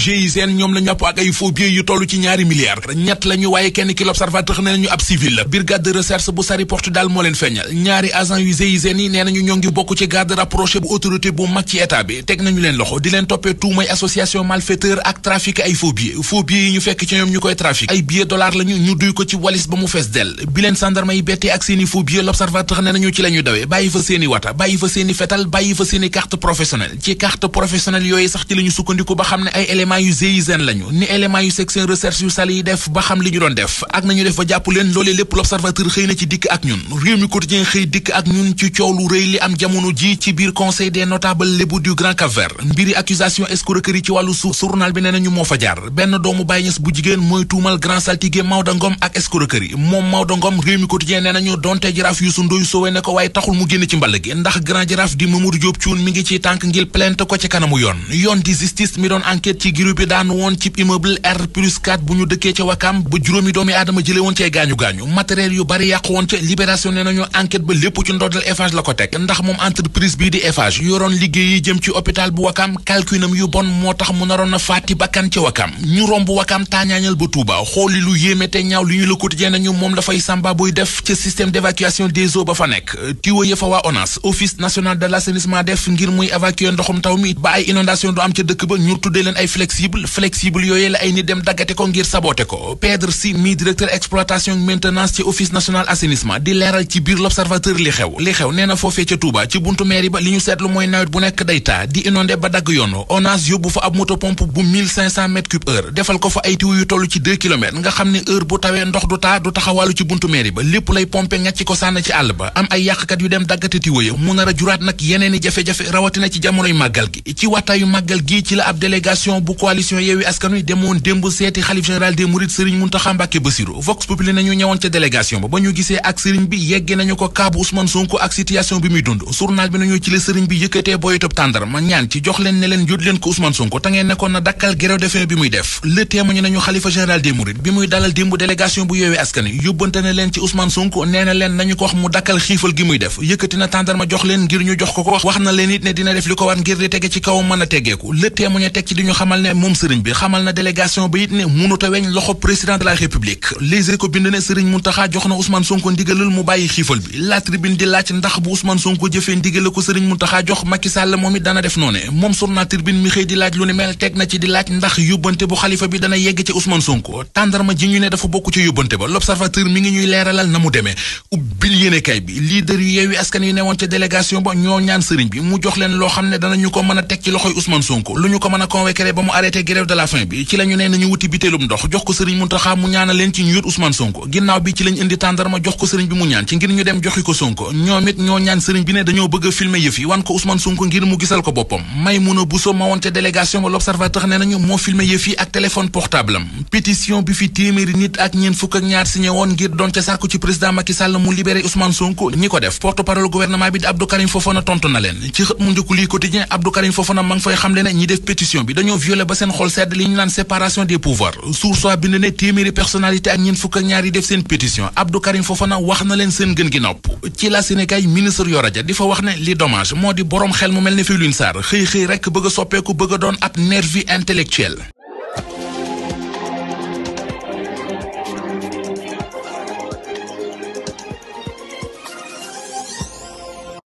GIGN ñoom la ñu jàpp ak ay faux billets yu ci ñaari milliards ñett la waaye kenn ki l'observateur nee nañu ab civil la brigade de recherche bu Saly Portudal moo leen feeñal ñaari agent yu GIGN yi nee nañu ñoo ngi bokk ci garde rapproché bu autorité bu mag ci état bi teg nañu leen loxo di leen toppee tuumay association malfaiteur ak trafic ay faux billets yi ñu fekk ci ñoom ñu koy trafic ay billets dollars lañu ñu duy ko ci walis ba mu fees élément yu GIGN lañu ni élément yu section recherche yu sali yi def ba xam li ñu doon def ak nañu def ba jàpp leen loolee lépp l'observateur xëy na ci dikk ak ñun réew mi quotidien xëy dikk ak ñun ci coow lu rëy li am jamono ci biir mbiri accusation escroquerie ci wàllu suuf bi nee nañu moo fa benn doomu Baye Niass bu jigéen mooy tuumal grand saltige Maodo ak escroquerie moom Maodo Ngom réew mi quotidien donte jaraaf Youssou Ndoye sowe ne ko waaye taxul mu génn ci mball gi ndax grand jaraaf di Mamadou Diop Thioune mi ngi ci tànk ngir plainte ko ci kanamu yoon yoon di justice mi doon enquête ci giru bi daan woon ci immeuble R plus 4 bu ñu dëkkee ca Wakam ba juróomi doomi aadama jële woon cee gaañu-gaañu matériel yu bari yàqu woon ca libération ne nañu enquête ba lépp ci ndoddal Eiffage la ko teg ndax moom entreprise bii di Eiffage yoroon liggéey yi jëm ci hôpital bu Wakam calculam yu bon moo tax mu naroon a faati bakkan ca Wakam ñu romb Wakam taañaañal ba Touba xooli lu yéeme te ñaaw li ñu la quotidien nañu moom la fay buy flexible yooy yooyu la ay nit dem daggate ko ngir sabote ko Pedre Sy mi directeur exploitation maintenance ci office national assainissement di leeral ci biir l'observateur li xew li xew nee na foofee ca Touba ci buntu mairie ba li ñu seetlu mooy nawet bu nekk day taa di inondé ba dagg yoon ONAS yóbbu fa ab moto pomp bu 1500 mètres cube heure defal ko fa ay tiwu yu toll ci 2 kilomètres nga xam ne heure bu tawee ndox du taa du taxawàllu ci buntu mairie ba lépp lay pompe ngàcc ko sànn ci àll ba am ay yàqkat yu dem daggate tiwu ya mu nar a juraat nag yeneeni jafe-jafe rawatina ci jamonoy màggal gi ci waxtaayu màggal gi ci la ab délégation bu coalition Yewwi ko kaabu na leen ci Ousmane Sonko nee leen nañu ko wax mu dakkal xiifal gi muy def yëkkati tàndarma jox leen ngir ñu jox ko ko wax na leen it ne dina def li ko war ngir di tege ci kaw mën teggeeku le témoigne teg ci di xamal xamal ne moom sëriñ bi xamal na délégation ba it ne mënut a weñ loxo président de la république Les Échos bind ne sëriñ Muntaxa jox na Ousmane Sonko ndigalal mu bàyyi xiifal bi laaj lu ne mel teg na ci di laaj ndax yóbbante bu xalifa bi dana yegg ci Ousmane Sonko tàndarma ji ñu ne dafa bokk ci yóbbante ba L'Observateur mi ngi ñuy leeralal na mu demee ubbil yéenekaay bi leader yu yeewi askan yu newoon ca délégation ba ñoo ñaan sëriñ bi mu jox leen loo xam mu arrêté a filmer ma woon ca délégation ba l'Observateur ne nañu moo filmer yëf yi ak téléphone portable mu libéré Ousmane Sonko ñi ko def porte-parole gouvernement bi di Abdou Karim Fofana tontu na leen ci xët mu njëkk lii quotidien Abdou Karim Fofana fay xamle ne ñi def pétition bi dañoo violé la ba seen xool sedd li ñu naan séparation des pouvoirs soursoi bind ne téeméeri personnalité ak ñeent fukk ak ñaar yi def seen pétition Abdou Karim Fofana wax na leen seen gën gi nopp ci la Sénégal ministre Yoro Dia di fa wax ne li dommage moo di boroom xel mu mel ne Felwine Sarr xëy xëy rekk bëgg a soppeeku bëgg a doon ab nervi intellectuel